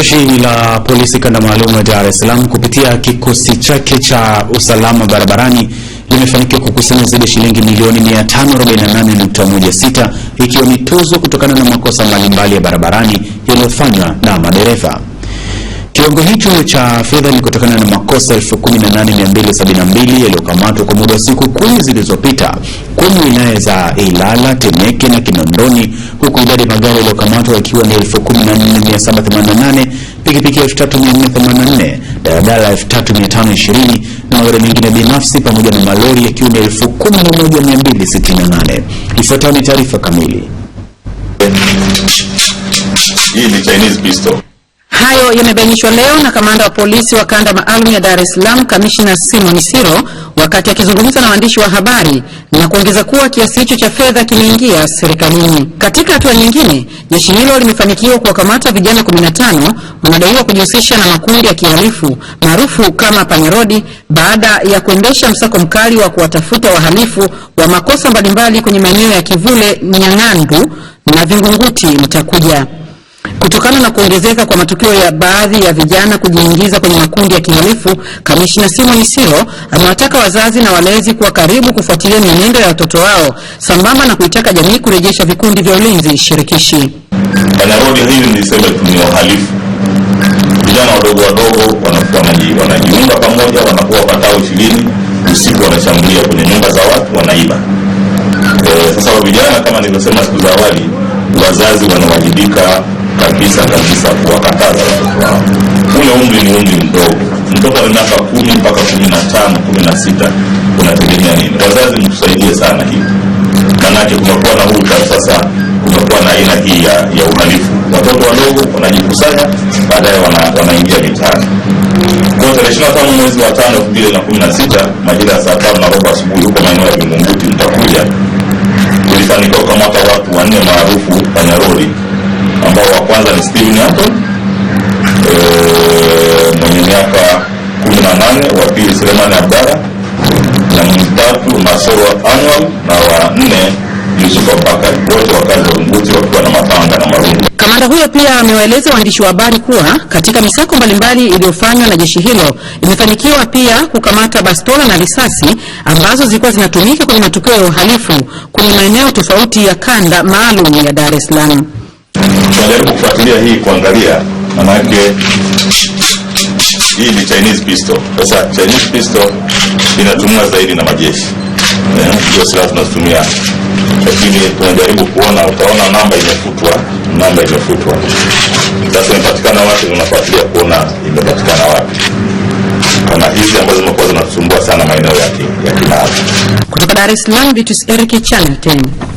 Jeshi la polisi kanda maalum ya Dar es Salaam kupitia kikosi chake cha usalama barabarani limefanikiwa kukusanya zaidi ya shilingi milioni 548.16 ikiwa ni tozo kutokana na makosa mbalimbali ya barabarani yaliyofanywa na madereva. Kiwango hicho cha fedha ni kutokana na makosa 18272 yaliyokamatwa kwa muda wa siku kumi zilizopita kwenye wilaya za Ilala, Temeke na Kinondoni, huku idadi ya magari yaliyokamatwa ikiwa ni 14788, pikipiki 3484, daladala 3520 na magari mengine binafsi pamoja na malori yakiwa ni 11268. Ifuatayo ni taarifa kamili. Hii ni Chinese pistol. Hayo yamebainishwa leo na kamanda wa polisi wa kanda maalum ya Dar es Salaam, kamishna Simon Siro wakati akizungumza na waandishi wa habari na kuongeza kuwa kiasi hicho cha fedha kimeingia serikalini. Katika hatua nyingine, jeshi hilo limefanikiwa kuwakamata vijana 15 wanadaiwa kujihusisha na makundi ya kihalifu maarufu kama panyarodi baada ya kuendesha msako mkali wa kuwatafuta wahalifu wa makosa mbalimbali kwenye maeneo ya Kivule, Nyang'andu na Vingunguti Mtakuja. Kutokana na kuongezeka kwa matukio ya baadhi ya vijana kujiingiza kwenye makundi ya kihalifu, Kamishna Simon Isiro amewataka wazazi na walezi kuwa karibu kufuatilia mienendo ya watoto wao sambamba na kuitaka jamii kurejesha vikundi vya ulinzi shirikishi. Nairobi hili niseme ni wahalifu, vijana wadogo wadogo wanajiunga pamoja, wanakuwa wapatao ishirini, usiku wanashambulia kwenye nyumba za watu, wanaiba. E, eh, sasa vijana kama nilivyosema siku za awali, wazazi wanawajibika kabisa kabisa kuwakataza watoto wao. Ule umri ni umri mdogo, mtoto ana miaka kumi mpaka kumi na tano kumi na sita unategemea nini? Wazazi mtusaidie sana hivi, manake kumekuwa na huta sasa, kumekuwa na aina hii ya, ya uhalifu. Watoto wadogo wanajikusanya, baadaye wanaingia mitani Kwa tarehe ishirini tano mwezi wa tano elfu mbili na kumi na sita majira ya saa tano na robo asubuhi huko maeneo ya vimunguti mtakuja kulifanikiwa kwa mwaka watu wanne maarufu kwanza ni Steven Anton eh, mwenye miaka kumi na nane wa pili Selemani Abdara na mtatu Masoro Anwar na wa nne Yusuf wote wa na mapanga na marungu. Kamanda huyo pia amewaeleza waandishi wa habari kuwa katika misako mbalimbali iliyofanywa na jeshi hilo imefanikiwa pia kukamata bastola na risasi ambazo zilikuwa zinatumika kwenye matukio ya uhalifu kwenye maeneo tofauti ya kanda maalum ya Dar es Salaam tunajaribu kufuatilia hii kuangalia, manake hii ni Chinese pistol. Sasa Chinese pistol inatumiwa zaidi na majeshi, ndio eh, silaha tunatumia lakini tunajaribu kuona, utaona namba imefutwa, namba imefutwa. Sasa imepatikana wapi? Tunafuatilia kuona imepatikana wapi, kama hizi ambazo zimekuwa zinasumbua sana maeneo ya Kinara. Kutoka Dar es Salaam, Vitus Eric, Channel 10.